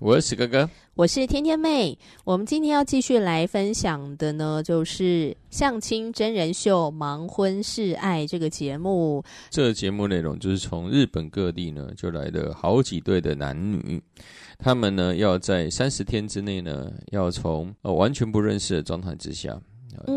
我是史哥哥，我是天天妹。我們今天要繼續來分享的呢，就是《相親真人秀：盲婚試愛》這個節目。這個節目內容就是從日本各地呢，就來了好幾對的男女，他們呢要在三十天之內呢，要從呃完全不認識的狀態之下。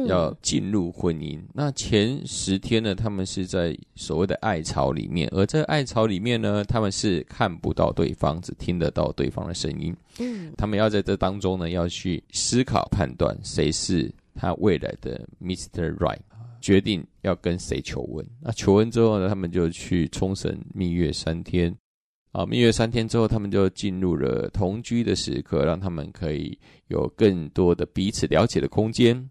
要進入婚姻，那前十天呢，他們是在所謂的愛巢裡面，而在愛巢裡面呢，他們是看不到對方，只聽得到對方的聲音。嗯，他們要在這當中呢，要去思考判斷誰是他未來的 Mr. Right，決定要跟誰求婚。那求婚之後呢，他們就去沖繩蜜月三天啊，蜜月三天之後，他們就進入了同居的時刻，讓他們可以有更多的彼此了解的空間。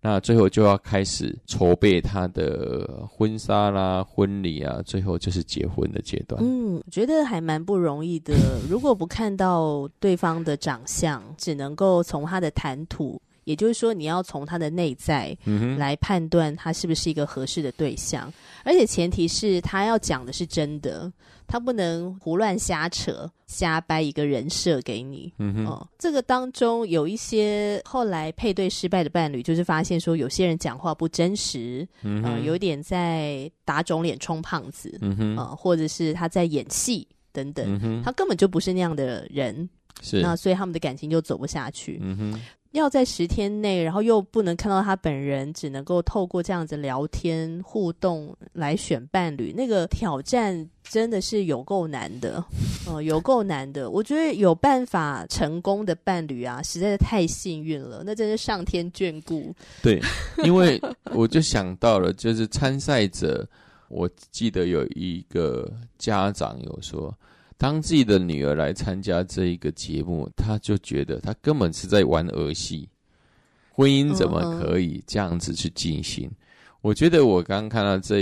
那最後就要開始籌備他的婚紗啦、婚禮啊，最後就是結婚的階段。嗯，覺得還蠻不容易的。 如果不看到對方的長相，只能夠從他的談吐。也就是說，你要從他的內在來判斷他是不是一個合適的對象、嗯，而且前提是他要講的是真的，他不能胡亂瞎扯、瞎掰一個人設給你。哦、嗯呃，這個當中有一些後來配對失敗的伴侶，就是發現說有些人講話不真實，嗯、呃，有點在打腫臉充胖子，嗯、呃，或者是他在演戲等等、嗯，他根本就不是那樣的人。是，那所以他們的感情就走不下去。嗯哼，要在十天內，然後又不能看到他本人，只能夠透過這樣子聊天互動來選伴侶，那個挑戰真的是有夠難的，嗯、 呃，有夠難的。我覺得有辦法成功的伴侶啊，實在是太幸運了，那真的是上天眷顧。對， 因為我就想到了，就是參賽者， 我記得有一個家長有說。當自己的女兒來參加這一個節目，她就覺得她根本是在玩兒戲，婚姻怎麼可以這樣子去進行？嗯、我覺得我剛看到這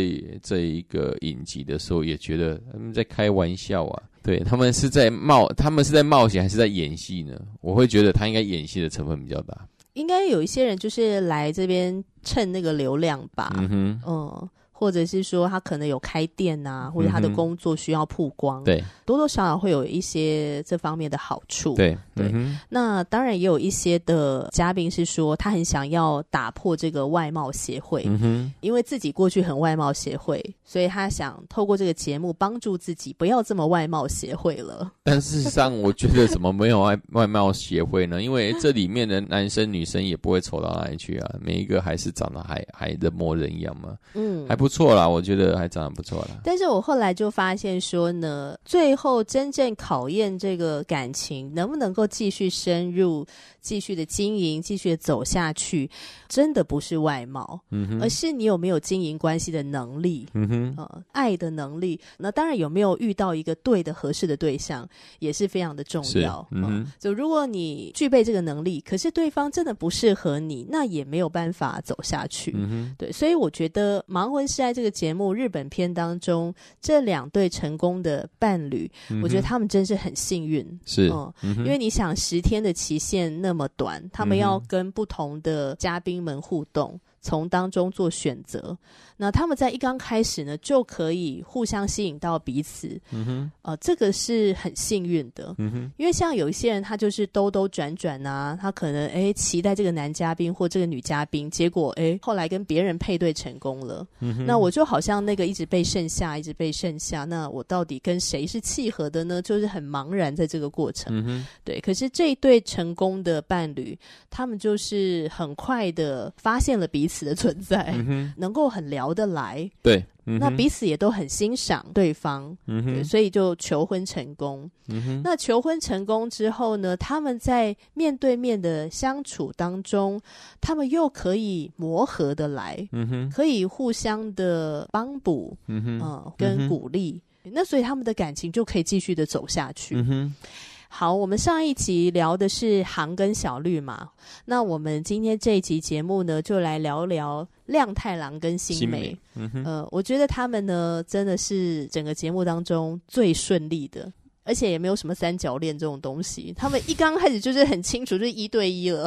這一個影集的時候，也覺得他們在開玩笑啊，對，他們是在冒他們是在冒險還是在演戲呢？我會覺得他應該演戲的成分比較大，應該有一些人就是來這邊蹭那個流量吧，嗯哼。嗯或者是說他可能有開店啊，或者他的工作需要曝光，嗯、對，多多少少會有一些這方面的好處，對對、嗯。那當然也有一些的嘉賓是說他很想要打破這個外貌協會、嗯，因為自己過去很外貌協會，所以他想透過這個節目幫助自己不要這麼外貌協會了。但事實上，我覺得怎麼沒有外外貌協會呢？ 因為這裡面的男生女生也不會醜到哪裡去啊，每一個還是長得還還人模人樣嘛，嗯，還不。不錯啦，我覺得還長得不錯啦。但是我後來就發現說呢，最後真正考驗這個感情能不能夠繼續深入、繼續的經營、繼續的走下去，真的不是外貌，嗯哼，而是你有沒有經營關係的能力，嗯哼，啊，愛的能力。那當然有沒有遇到一個對的、合適的對象也是非常的重要。嗯哼，啊，就如果你具備這個能力，可是對方真的不適合你，那也沒有辦法走下去。嗯哼，對，所以我覺得盲婚。在這個節目日本篇當中，這兩對成功的伴侶、嗯，我覺得他們真是很幸運，是、嗯，因為你想十天的期限那麼短，嗯、他們要跟不同的嘉賓們互動。從當中做選擇，那他們在一剛開始呢，就可以互相吸引到彼此，嗯哼，呃，這個是很幸運的，嗯哼，因為像有一些人，他就是兜兜轉轉啊，他可能哎期待這個男嘉賓或這個女嘉賓，結果哎後來跟別人配對成功了，那我就好像那個一直被剩下，一直被剩下，那我到底跟誰是契合的呢？就是很茫然在這個過程，對，可是這一對成功的伴侶，他們就是很快的發現了彼此的存在、嗯、能夠很聊得來，對，那彼此也都很欣賞對方、嗯對，所以就求婚成功、嗯。那求婚成功之後呢？他們在面對面的相處當中，他們又可以磨合得來、嗯，可以互相的幫補，嗯、呃、嗯跟鼓勵、嗯。那所以他們的感情就可以繼續的走下去。嗯好，我們上一集聊的是航跟小綠嘛，那我們今天這一集節目呢，就來聊聊亮太郎跟新梅。嗯哼，呃，我覺得他們呢，真的是整個節目當中最順利的，而且也沒有什麼三角戀這種東西。他們一剛開始就是很清楚，就是一對一了。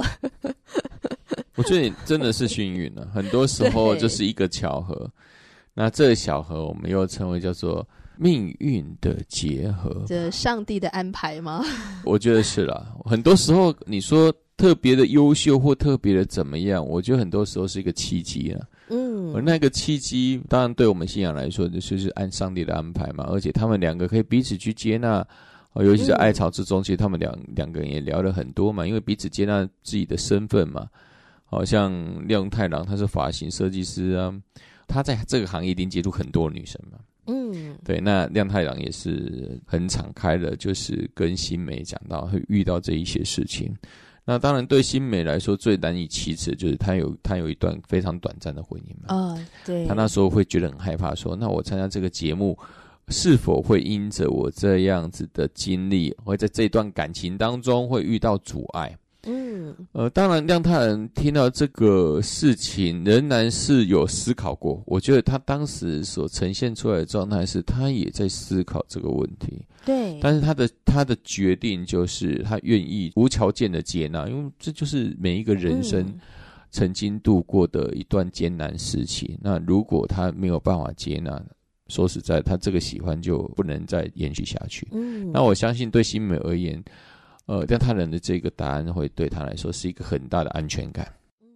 我覺得你真的是幸運了，啊， 很多時候就是一個巧合。那這個巧合，我們又稱為叫做，命運的結合，這上帝的安排嗎？我覺得是啦。很多時候，你說特別的優秀或特別的怎麼樣，我覺得很多時候是一個契機啊。嗯，而那個契機，當然對我們信仰來說，就是按上帝的安排嘛。而且他們兩個可以彼此去接納，尤其是在愛巢之中，其實他們兩兩個人也聊了很多嘛，因為彼此接納自己的身份嘛。好像亮太郎他是髮型設計師啊，他在這個行業一定接觸很多女生嘛。嗯，對，那亮太郎也是很敞開的，就是跟新美講到會遇到這一些事情。那當然，對新美來說最難以啟齒，就是他有他有一段非常短暫的婚姻嘛。啊、哦，對。他那時候會覺得很害怕說，說那我參加這個節目，是否會因着我這樣子的經歷，會在這段感情當中會遇到阻礙？呃，當然，亮太聽到這個事情，仍然是有思考過。我覺得他當時所呈現出來的狀態是，他也在思考這個問題。對，但是他的他的決定就是，他願意無條件的接納，因為這就是每一個人生曾經度過的一段艱難時期，嗯。那如果他沒有辦法接納，說實在，他這個喜歡就不能再延續下去。嗯、那我相信對新美而言。呃，但他人的這個答案會對他來說是一個很大的安全感。嗯，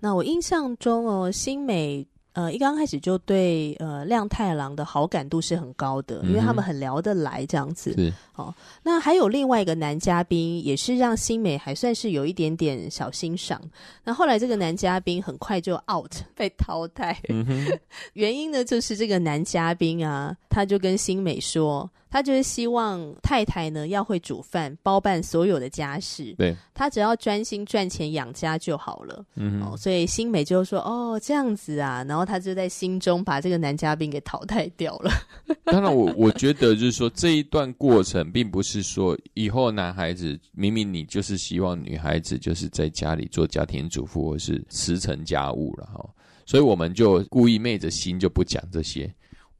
那我印象中哦，新美呃一剛開始就對呃亮太郎的好感度是很高的、嗯，因為他們很聊得來這樣子。是哦，那還有另外一個男嘉賓，也是讓新美還算是有一點點小欣賞。那後來這個男嘉賓很快就 out 被淘汰，嗯、 原因呢就是這個男嘉賓啊，他就跟新美說。他就是希望太太呢要會煮飯，包辦所有的家事。對，他只要專心賺錢養家就好了。嗯、哦，所以新美就說：“哦，這樣子啊。”然後他就在心中把這個男嘉賓給淘汰掉了。當然，我我覺得就是說，這一段過程並不是說以後男孩子明明你就是希望女孩子就是在家裡做家庭主婦或是辭成家務了哈，所以我們就故意昧着心就不講這些。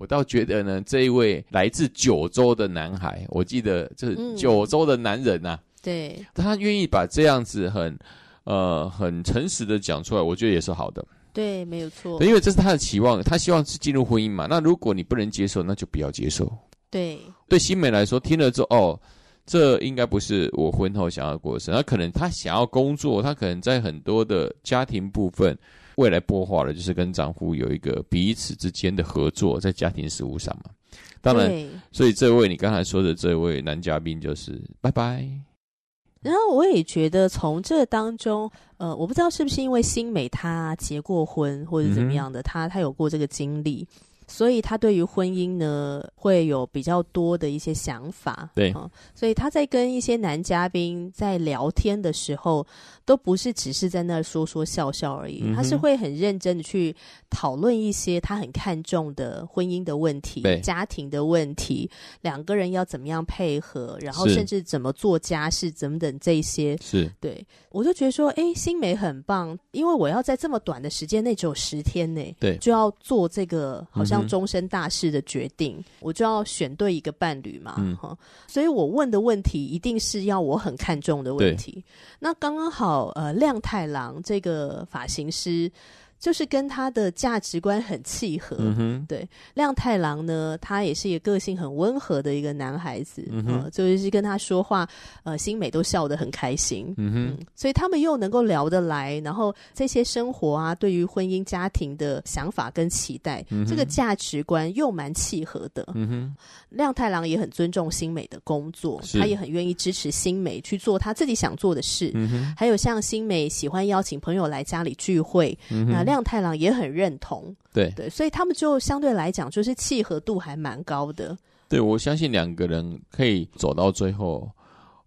我倒覺得呢，這一位來自九州的男孩，我記得就是九州的男人吶、啊嗯。對，他願意把這樣子很呃很誠實的講出來，我覺得也是好的。對，沒有錯。因為這是他的期望，他希望是進入婚姻嘛。那如果你不能接受，那就不要接受。對，對新梅來說，聽了之後，哦，這應該不是我婚後想要過的生活。那可能他想要工作，他可能在很多的家庭部分。未來播劃了，就是跟丈夫有一個彼此之間的合作，在家庭事務上嘛。當然對，所以這位你剛才說的這位男嘉賓就是拜拜。然後我也覺得從這當中，呃，我不知道是不是因為新美她結過婚，或者是怎麼樣的，嗯、她她有過這個經歷，所以她對於婚姻呢會有比較多的一些想法。對、哦，所以她在跟一些男嘉賓在聊天的時候。都不是只是在那說說笑笑而已，嗯、他是會很認真的去討論一些他很看重的婚姻的問題、欸、家庭的問題，兩個人要怎麼樣配合，然後甚至怎麼做家事，怎麼等這些是對。我就覺得說，哎、欸，心美很棒，因為我要在這麼短的時間內只有十天內，對，就要做這個好像終身大事的決定、嗯，我就要選對一個伴侶嘛，嗯，所以我問的問題一定是要我很看重的問題，那剛剛好。哦、呃，亮太郎這個髮型師。就是跟他的價值觀很契合，嗯，對。亮太郎呢，他也是一個個性很溫和的一個男孩子，嗯哼，呃，就是跟他說話，呃，新美都笑得很開心。嗯哼，嗯，所以他們又能夠聊得來，然後這些生活啊，對於婚姻、家庭的想法跟期待，嗯、這個價值觀又蠻契合的。嗯哼，亮太郎也很尊重新美的工作，他也很願意支持新美去做他自己想做的事。嗯哼，還有像新美喜歡邀請朋友來家裡聚會，嗯、那亮。亮太郎也很認同，對對，所以他們就相對來講，就是契合度還蠻高的。對，我相信兩個人可以走到最後。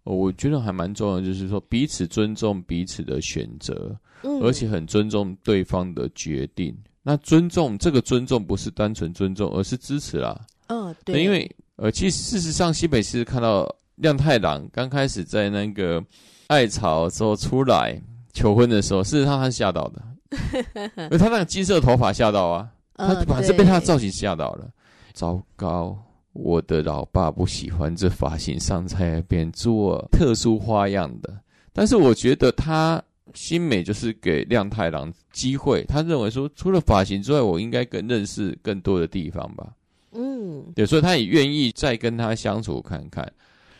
呃，我覺得還蠻重要，就是說彼此尊重彼此的選擇，嗯，而且很尊重對方的決定。那尊重這個尊重，不是單純尊重，而是支持啦。嗯、呃，對，因為呃，其實事實上，西北其實看到亮太郎剛開始在那個愛巢之後出來求婚的時候，事實上他是嚇到的。 因為他那個金色的頭髮嚇到啊他，Oh！他反正被他的造型嚇到了。糟糕，我的老爸不喜歡這髮型上在那邊做特殊花樣的。但是我覺得他心美就是給亮太郎機會，他認為說除了髮型之外，我應該更認識更多的地方吧。嗯，對，所以他也願意再跟他相處看看。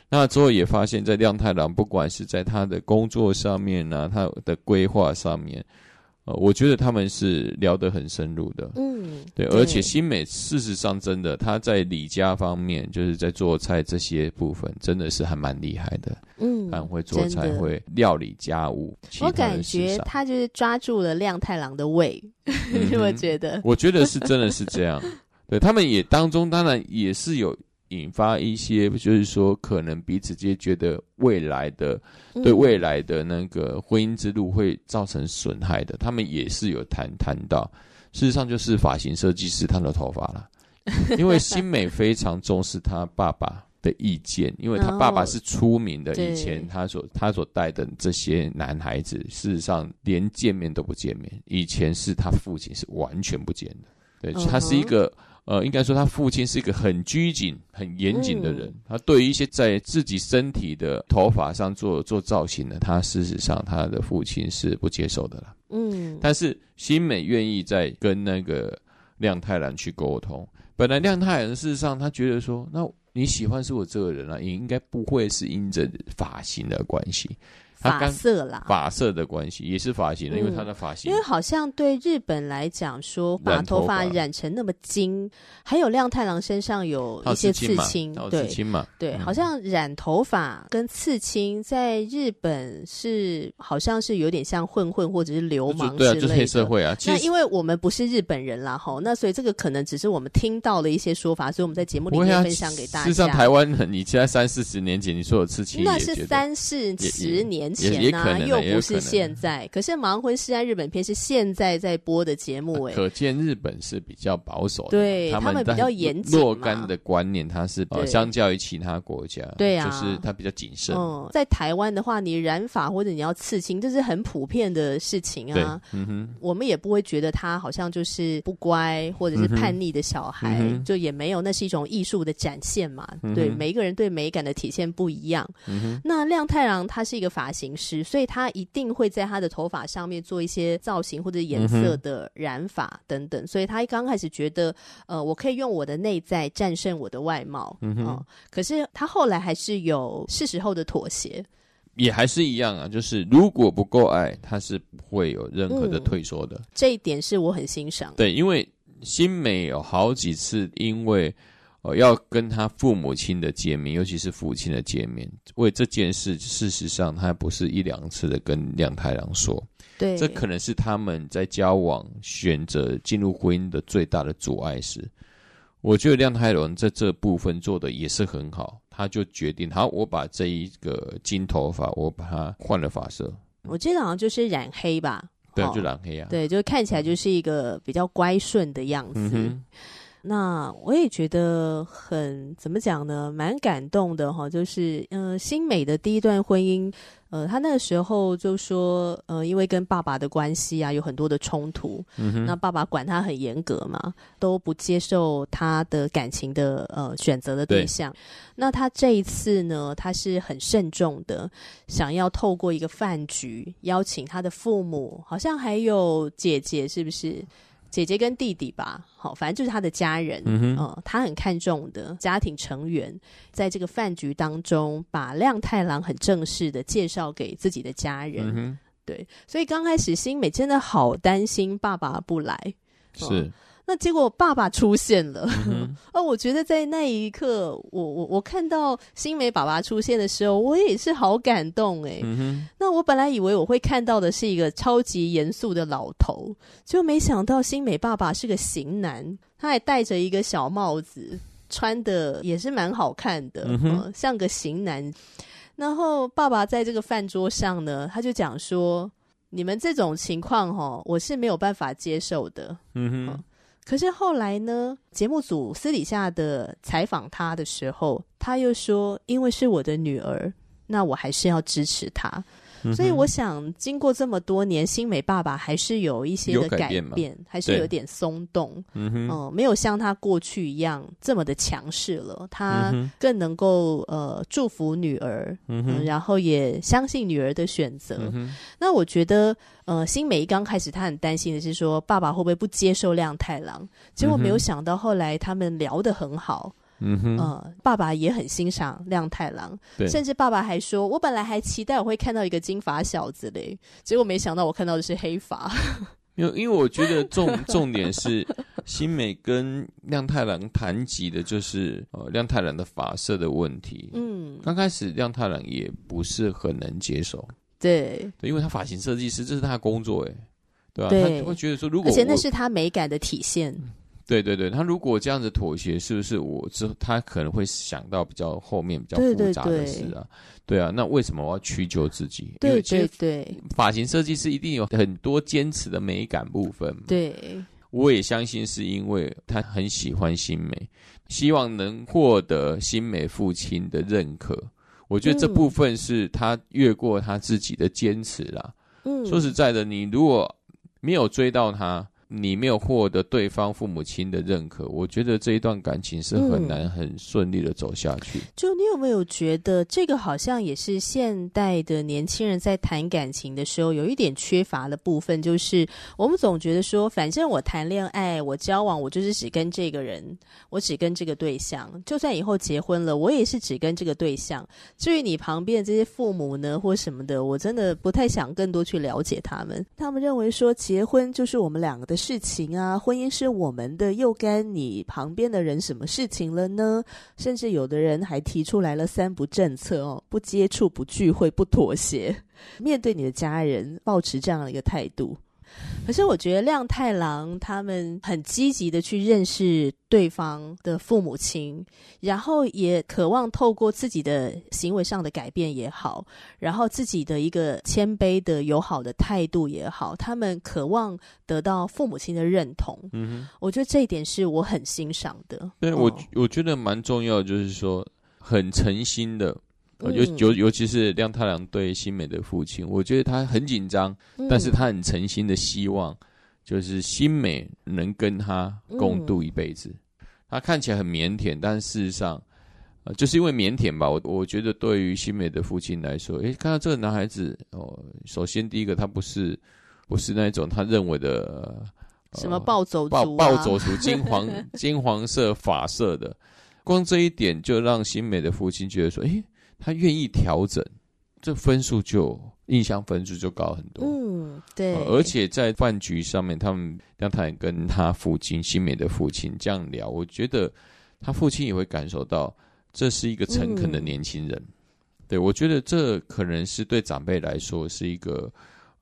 那之後也發現，在亮太郎不管是在他的工作上面呢，啊，他的規劃上面，呃，我覺得他們是聊得很深入的。嗯，對，而且新美事實上真的他在理家方面，就是在做菜這些部分，真的是還蠻厲害的。嗯，蠻會做菜，會料理家務。我感覺他就是抓住了亮太郎的胃，我 覺得。我覺得是真的是這樣， 對他們也當中當然也是有。引發一些，就是說，可能彼此間覺得未來的、對未來的那個婚姻之路會造成損害的、嗯，他們也是有談談到。事實上，就是髮型設計師他的頭髮啦， 因為新美非常重視他爸爸的意見，因為他爸爸是出名的。Oh, 以前他所他所帶的這些男孩子，事實上連見面都不見面。以前是他父親是完全不見的，對，oh、他是一個。呃，應該說他父親是一個很拘謹、很嚴謹的人。嗯、他對於一些在自己身體的頭髮上做做造型的，他事實上他的父親是不接受的了。嗯，但是新美願意再跟那個亮太郎去溝通。本來亮太郎事實上他覺得說，那你喜歡是我這個人啊，也應該不會是因着髮型的關係。髮色啦，髮色的關係也是髮型的，因為他的髮型。嗯、因為好像對日本來講說，把頭髮染成那麼金，還有亮太郎身上有一些刺青，對，刺青嘛，對刺青嘛，對、嗯，對，好像染頭髮跟刺青在日本是好像是有點像混混或者是流氓之類的。就就對啊，就是黑社會啊。那因為我們不是日本人啦，吼，那所以這個可能只是我們聽到了一些說法，所以我們在節目裡面分享給大家。就像、啊、台灣你現在三四十年前你說有刺青，那是三四十年。前，啊、也，也可、啊、又不是現在。可，啊、可是盲婚是在日本篇，是現在在播的節目哎、欸，可見日本是比較保守的，對他們比較嚴謹若，若干的觀念他，它是比較。相較於其他國家，對啊，就是他比較謹慎、嗯。在台灣的話，你染髮或者你要刺青，這是很普遍的事情啊。嗯、哼我們也不會覺得他好像就是不乖或者是叛逆的小孩、嗯嗯，就也沒有。那是一種藝術的展現嘛。嗯、對，每一個人對美感的體現不一樣。嗯、哼那亮太郎他是一個法。形式，所以他一定會在他的頭髮上面做一些造型或者顏色的染髮等等、嗯。所以他剛開始覺得，呃，我可以用我的內在戰勝我的外貌。嗯哼。哦、可是他後來還是有是時候的妥協，也還是一樣啊。就是如果不夠愛，他是不會有任何的退縮的。嗯、這一點是我很欣賞。對，因為新美有好幾次因為。哦、要跟他父母親的見面，尤其是父親的見面。為這件事，事實上他不是一兩次的跟亮太郎說。對，這可能是他們在交往，選擇進入婚姻的最大的阻礙。是，我覺得亮太郎在這部分做得也是很好。他就決定，好，我把這一個金頭髮，我把它換了髮色。我記得好像就是染黑吧？對，哦、就染黑啊。對，就看起來就是一個比較乖順的樣子。嗯那我也覺得很怎麼講呢，蠻感動的哈。就是嗯、呃，新美的第一段婚姻，呃，他那個時候就說，呃，因為跟爸爸的關係啊，有很多的衝突。嗯哼。那爸爸管他很嚴格嘛，都不接受他的感情的呃選擇的對象。對。那他這一次呢，他是很慎重的，想要透過一個飯局邀請他的父母，好像還有姐姐，是不是？姐姐跟弟弟吧，好，反正就是他的家人嗯，嗯，他很看重的家庭成員在這個飯局當中，把亮太郎很正式的介紹給自己的家人。嗯、對，所以剛開始新美真的好擔心爸爸不來。是。嗯那結果爸爸出現了，嗯，哦，我覺得在那一刻，我我我看到新美爸爸出現的時候，我也是好感動哎、欸嗯。那我本來以為我會看到的是一個超級嚴肅的老頭，就沒想到新美爸爸是個型男，他還戴着一個小帽子，穿的也是蠻好看的，嗯嗯，像個型男。然後爸爸在這個飯桌上呢，他就講說：“你們這種情況哈，我是沒有辦法接受的。”嗯哼。嗯可是後來呢，節目組私底下的採訪他的時候，他又說，因為是我的女兒，那我還是要支持她。所以我想，經過這麼多年，新美爸爸還是有一些的改變，改變還是有點鬆動，嗯哼、呃，沒有像他過去一樣這麼的強勢了，他更能夠呃祝福女兒，嗯,嗯然後也相信女兒的選擇、嗯。那我覺得，呃，新美一剛開始他很擔心的是說，爸爸會不會不接受亮太郎？結果沒有想到，後來他們聊得很好。嗯哼嗯，爸爸也很欣賞亮太郎，甚至爸爸還說：“我本來還期待我會看到一個金髮小子嘞，結果沒想到我看到的是黑髮。”因為因為我覺得重重點是 新美跟亮太郎談及的就是哦、呃、亮太郎的髮色的問題。嗯，剛開始亮太郎也不是很能接受對。對，因為他髮型設計師，這是他工作，哎，對吧、啊？他會覺得說，如果，而且那是他美感的體現。嗯對對對，他如果這樣子妥協，是不是我，之後他可能會想到比較後面比較複雜的事啊？對，對，對，對啊，那為什麼我要屈就自己？對對對，髮型設計師一定有很多堅持的美感部分。對，我也相信是因為他很喜歡新美，希望能獲得新美父親的認可。我覺得這部分是他越過他自己的堅持啦。嗯，說實在的，你如果沒有追到他。你沒有獲得對方父母親的認可，我覺得這一段感情是很難很順利的走下去。嗯，就你有沒有覺得這個好像也是現代的年輕人在談感情的時候有一點缺乏的部分？就是我們總覺得說，反正我談戀愛、我交往，我就是只跟這個人，我只跟這個對象。就算以後結婚了，我也是只跟這個對象。至於你旁邊的這些父母呢，或什麼的，我真的不太想更多去了解他們。他們認為說，結婚就是我們兩個的。事情啊，婚姻是我們的，又干你旁邊的人什麼事情了呢？甚至有的人還提出來了“三不政策”哦，不接觸、不聚會、不妥協，面對你的家人，保持這樣的一個態度。可是我覺得亮太郎他們很積極的去認識對方的父母親，然後也渴望透過自己的行為上的改變也好，然後自己的一個謙卑的友好的態度也好，他們渴望得到父母親的認同。嗯哼，我覺得這一點是我很欣賞的。對，哦、我我覺得蠻重要的，就是說很誠心的。尤、呃、尤、嗯、尤其是亮太郎對新美的父親，我覺得他很緊張，嗯、但是他很誠心的希望，就是新美能跟他共度一輩子。嗯、他看起來很腼腆，但是事實上、呃，就是因為腼腆吧，我我覺得對於新美的父親來說，誒，看到這個男孩子哦，首先第一個他不是不是那一種他認為的、呃、什麼暴走族、啊、暴暴走族金黃 金黃色髮色的，光這一點就讓新美的父親覺得說，誒。他願意調整，這分數就印象分數就高很多。嗯，對。呃、而且在飯局上面，他們讓他跟他父親、新美的父親這樣聊，我覺得他父親也會感受到這是一個誠懇的年輕人。嗯、對，我覺得這可能是對長輩來說是一個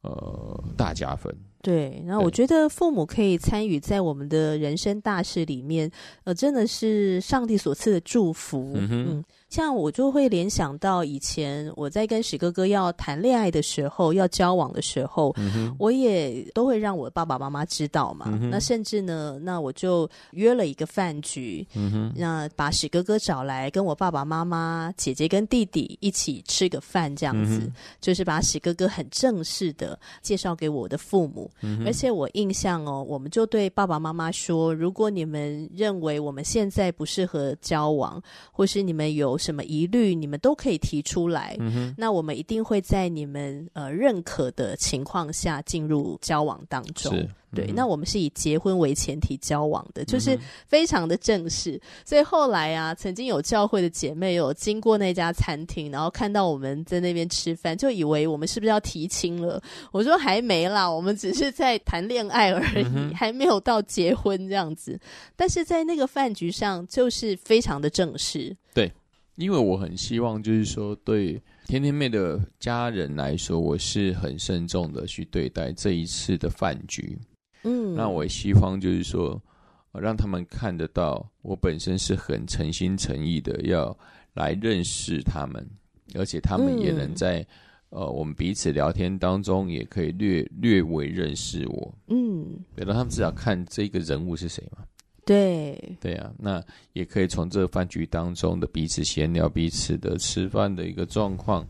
呃大加分。對，那我覺得父母可以參與在我們的人生大事裡面，呃，真的是上帝所賜的祝福。嗯哼。嗯像我就會聯想到以前我在跟史哥哥要談戀愛的時候，要交往的時候，嗯、我也都會讓我爸爸媽媽知道嘛、嗯。那甚至呢，那我就約了一個飯局，嗯、那把史哥哥找來，跟我爸爸媽媽、姐姐跟弟弟一起吃個飯，這樣子、嗯，就是把史哥哥很正式的介紹給我的父母、嗯。而且我印象哦，我們就對爸爸媽媽說，如果你們認為我們現在不適合交往，或是你們有。什麼疑慮，你們都可以提出來。嗯、那我們一定會在你們呃認可的情況下進入交往當中。是、嗯。對，那我們是以結婚為前提交往的，就是非常的正式。嗯、所以後來啊，曾經有教會的姐妹有經過那家餐廳，然後看到我們在那邊吃飯，就以為我們是不是要提親了？我說還沒啦，我們只是在談戀愛而已、嗯，還沒有到結婚這樣子。但是在那個飯局上，就是非常的正式。因為我很希望，就是說，對天天妹的家人來說，我是很慎重的去對待這一次的飯局。嗯，那我希望就是說，讓他們看得到我本身是很誠心誠意的要來認識他們，而且他們也能在、嗯、呃我們彼此聊天當中，也可以略略微認識我。嗯，讓他們至少看這個人物是誰嘛。對對啊，那也可以從這飯局當中的彼此閒聊、彼此的吃飯的一個狀況，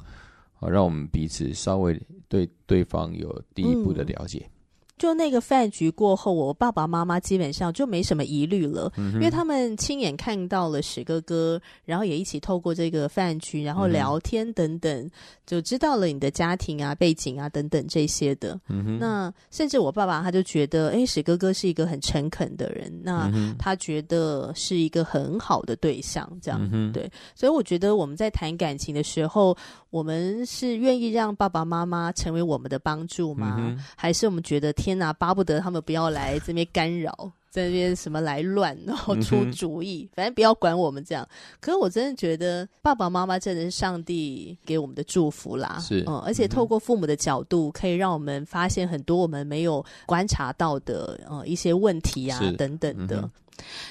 啊，讓我們彼此稍微對對方有第一步的了解。嗯就那個飯局過後，我爸爸媽媽基本上就沒什麼疑慮了，嗯，因為他們親眼看到了史哥哥，然後也一起透過這個飯局，然後聊天等等，嗯，就知道了你的家庭啊、背景啊等等這些的。嗯，那甚至我爸爸他就覺得，哎，史哥哥是一個很誠懇的人，那他覺得是一個很好的對象。這樣，嗯，對，所以我覺得我們在談感情的時候，我們是願意讓爸爸媽媽成為我們的幫助嗎？嗯，還是我們覺得，天吶，巴不得他們不要來這邊干擾，在這邊什麼來亂，然後出主意、嗯，反正不要管我們這樣。可是我真的覺得爸爸媽媽真的是上帝給我們的祝福啦，是，嗯，而且透過父母的角度，可以讓我們發現很多我們沒有觀察到的，呃、嗯，一些問題啊等等的、嗯。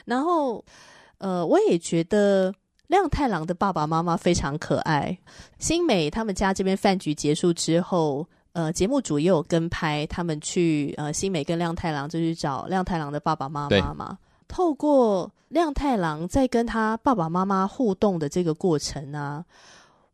然後，呃，我也覺得亮太郎的爸爸媽媽非常可愛。新美他們家這邊飯局結束之後。呃，節目組也有跟拍，他們去呃，新美跟亮太郎就去找亮太郎的爸爸媽媽嘛。透過亮太郎在跟他爸爸媽媽互動的這個過程呢，啊，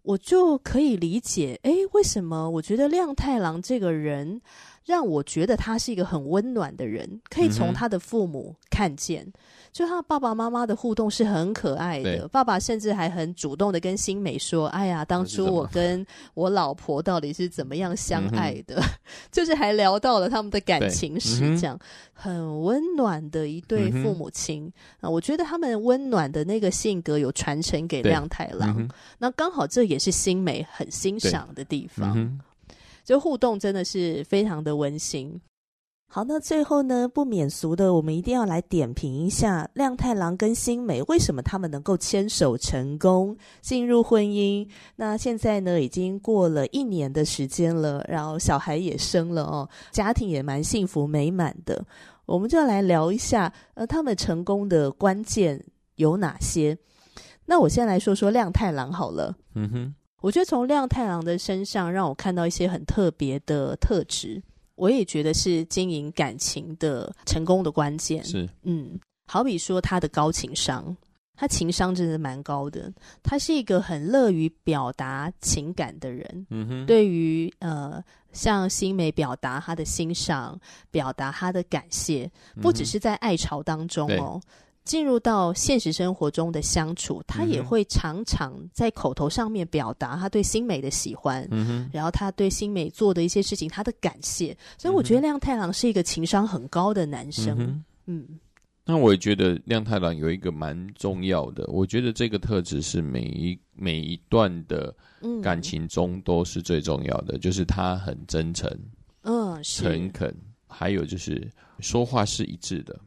我就可以理解，哎，為什麼我覺得亮太郎這個人。讓我覺得他是一個很溫暖的人，可以從他的父母看見，嗯、就他爸爸媽媽的互動是很可愛的。爸爸甚至還很主動的跟新美說：“哎呀，當初我跟我老婆到底是怎麼樣相愛的？”嗯、 就是還聊到了他們的感情史，這樣、嗯、很溫暖的一對父母親啊！嗯、那我覺得他們溫暖的那個性格有傳承給亮太郎，嗯、那剛好這也是新美很欣賞的地方。這互動真的是非常的溫馨。好，那最後呢，不免俗的，我們一定要來點評一下亮太郎跟新美，為什麼他們能夠牽手成功進入婚姻。那現在呢，已經過了一年的時間了，然後小孩也生了哦，家庭也蠻幸福美滿的。我們就來聊一下，呃，他們成功的關鍵有哪些？那我先來說說亮太郎好了。嗯哼。我覺得從亮太郎的身上，讓我看到一些很特別的特質。我也覺得是經營感情的成功的關鍵。是，嗯，好比說他的高情商，他情商真的蠻高的。他是一個很樂於表達情感的人。嗯哼，對於呃，向新美表達他的欣賞，表達他的感謝，不只是在愛巢當中哦。嗯進入到現實生活中的相處，他也會常常在口頭上面表達他對新美的喜歡，嗯、然後他對新美做的一些事情他的感謝、嗯，所以我覺得亮太郎是一個情商很高的男生，嗯,嗯，那我也覺得亮太郎有一個蠻重要的，我覺得這個特質是每一每一段的感情中都是最重要的，嗯、就是他很真誠，嗯，誠懇，還有就是說話是一致的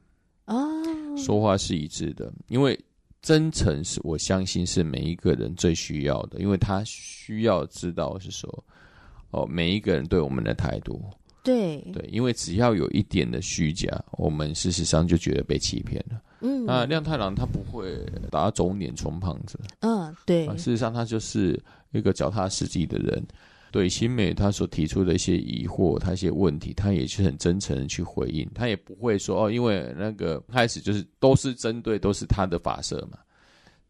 啊。哦說話是一致的，因為真誠是我相信是每一個人最需要的，因為他需要知道是說，哦，每一個人對我們的態度，對對，因為只要有一點的虛假，我們事實上就覺得被欺騙了。嗯，那，啊，亮太郎他不會打腫臉充胖子，嗯，對，啊，事實上他就是一個腳踏實地的人。對新美，他所提出的一些疑惑，他一些問題，他也是很真誠地去回應，他也不會說哦，因為那個開始就是都是針對都是他的髮色嘛。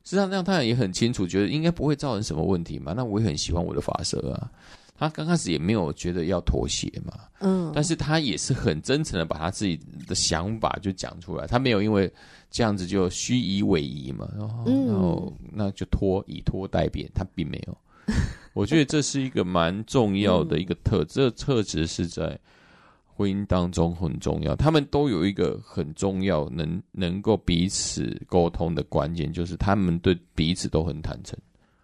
實際上，那他也很清楚，覺得應該不會造成什麼問題嘛。那我也很喜歡我的髮色啊。他剛開始也沒有覺得要妥協嘛。嗯。但是他也是很真誠的把他自己的想法就講出來，他沒有因為這樣子就虛以委蛇嘛、哦。然後，嗯、那就拖以拖待變，他並沒有。 我覺得這是一個蠻重要的一個特質，哦，嗯，這特質是在婚姻當中很重要。他們都有一個很重要，能能夠彼此溝通的關鍵，就是他們對彼此都很坦誠。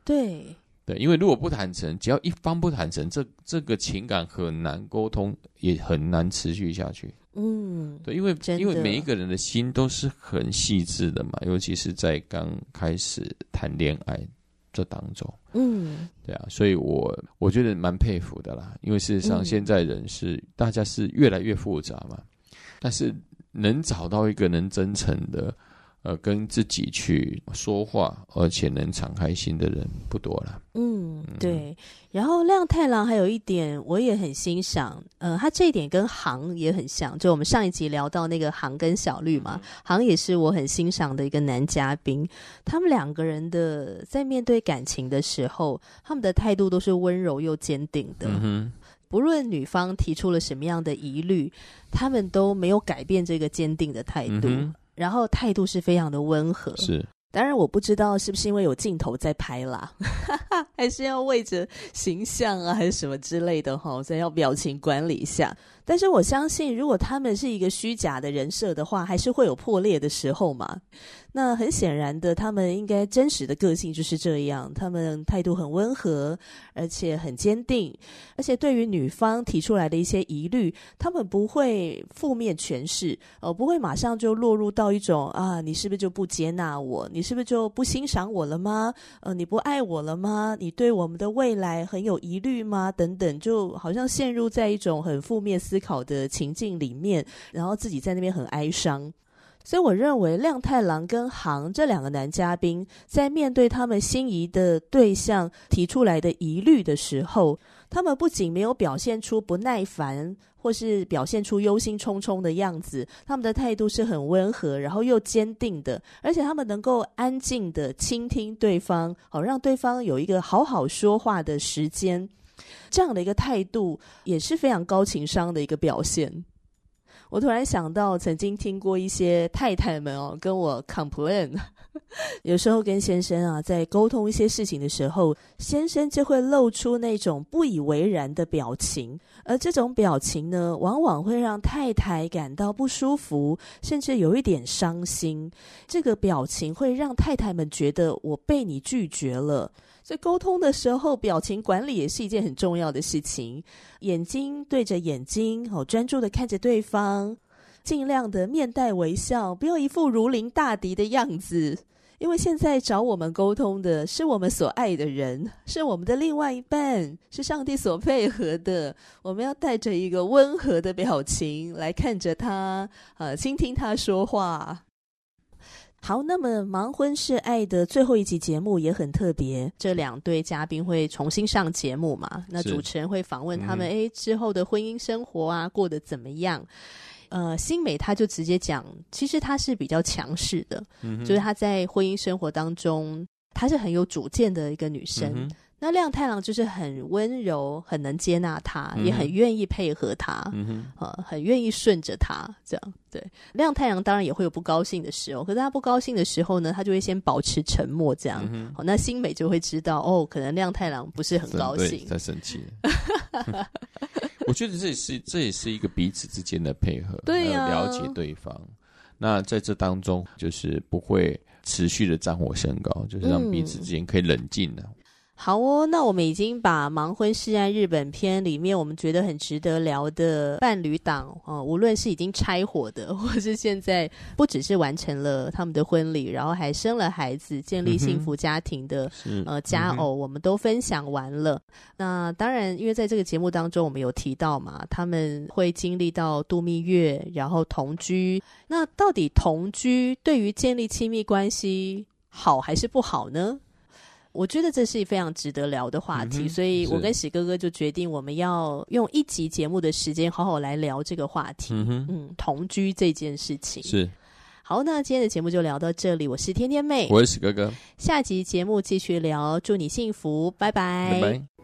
對對，因為如果不坦誠，只要一方不坦誠，這這個情感很難溝通，也很難持續下去。嗯，對，因為因為每一個人的心都是很細緻的嘛，尤其是在剛開始談戀愛這當中。嗯，對啊，所以我我覺得蠻佩服的啦，因為事實上現在人是，嗯，大家是越來越複雜嘛，但是能找到一個能真誠的。呃，跟自己去說話，而且能敞開心的人不多了。嗯，對嗯。然後亮太郎還有一點，我也很欣賞。呃，他這一點跟行也很像。就我們上一集聊到那個行跟小綠嘛，嗯、行也是我很欣賞的一個男嘉賓。他們兩個人的在面對感情的時候，他們的態度都是溫柔又堅定的。嗯、不論女方提出了什麼樣的疑慮，他們都沒有改變這個堅定的態度。嗯然後態度是非常的溫和，是。當然我不知道是不是因為有鏡頭在拍啦，啊， 還是要為着形象啊，還是什麼之類的哈，哦，所以要表情管理一下。但是我相信，如果他們是一個虛假的人設的話，還是會有破裂的時候嘛。那很顯然的，他們應該真實的個性就是這樣。他們態度很溫和，而且很堅定，而且對於女方提出來的一些疑慮，他們不會負面詮釋，呃，不會馬上就落入到一種啊，你是不是就不接納我？你是不是就不欣賞我了嗎？呃，你不愛我了嗎？你對我們的未來很有疑慮嗎？等等，就好像陷入在一種很負面思考的情境裡面，然後自己在那邊很哀傷。所以，我認為亮太郎跟航這兩個男嘉賓，在面對他們心儀的對象提出來的疑慮的時候，他們不僅沒有表現出不耐煩，或是表現出憂心忡忡的樣子，他們的態度是很溫和，然後又堅定的，而且他們能夠安靜的傾聽對方，好、哦、讓對方有一個好好說話的時間，這樣的一個態度也是非常高情商的一個表現。我突然想到，曾經聽過一些太太們哦，跟我 complain， 有時候跟先生啊在溝通一些事情的時候，先生就會露出那種不以為然的表情，而這種表情呢，往往會讓太太感到不舒服，甚至有一點傷心。這個表情會讓太太們覺得我被你拒絕了。在溝通的時候，表情管理也是一件很重要的事情。眼睛對着眼睛，哦，專注的看着對方，盡量的面帶微笑，不要一副如臨大敵的樣子。因為現在找我們溝通的是我們所愛的人，是我們的另外一半，是上帝所配合的。我們要帶着一個溫和的表情來看着他，呃，啊，傾聽他說話。好，那麼《盲婚試愛》的最後一集節目也很特別，這兩對嘉賓會重新上節目嘛，那主持人會訪問他們，哎、嗯，之後的婚姻生活啊，過得怎麼樣？呃，新美她就直接講，其實她是比較強勢的，嗯、就是她在婚姻生活當中，她是很有主見的一個女生。嗯那亮太郎就是很溫柔，很能接納他、嗯，也很願意配合他，嗯,嗯，很願意順着他這樣。對，亮太郎當然也會有不高興的時候，可是他不高興的時候呢，他就會先保持沉默這樣。嗯、好，那心美就會知道哦，可能亮太郎不是很高興，在生氣。 我覺得這也是這也是一個彼此之間的配合，對啊、了解對方。那在這當中，就是不會持續的戰火升高，就是讓彼此之間可以冷靜好哦，那我們已經把《盲婚試愛》日本篇裡面我們覺得很值得聊的伴侶檔啊、呃，無論是已經拆夥的，或是現在不只是完成了他們的婚禮，然後還生了孩子，建立幸福家庭的、嗯、呃佳偶、嗯，我們都分享完了。那當然，因為在這個節目當中，我們有提到嘛，他們會經歷到度蜜月，然後同居。那到底同居對於建立親密關係好還是不好呢？我覺得這是一非常值得聊的話題，嗯、所以我跟史哥哥就決定我們要用一集節目的時間，好好來聊這個話題嗯哼，嗯，同居這件事情。是，好，那今天的節目就聊到這裡。我是天天妹，我是史哥哥，下集節目繼續聊，祝你幸福，拜拜。拜拜。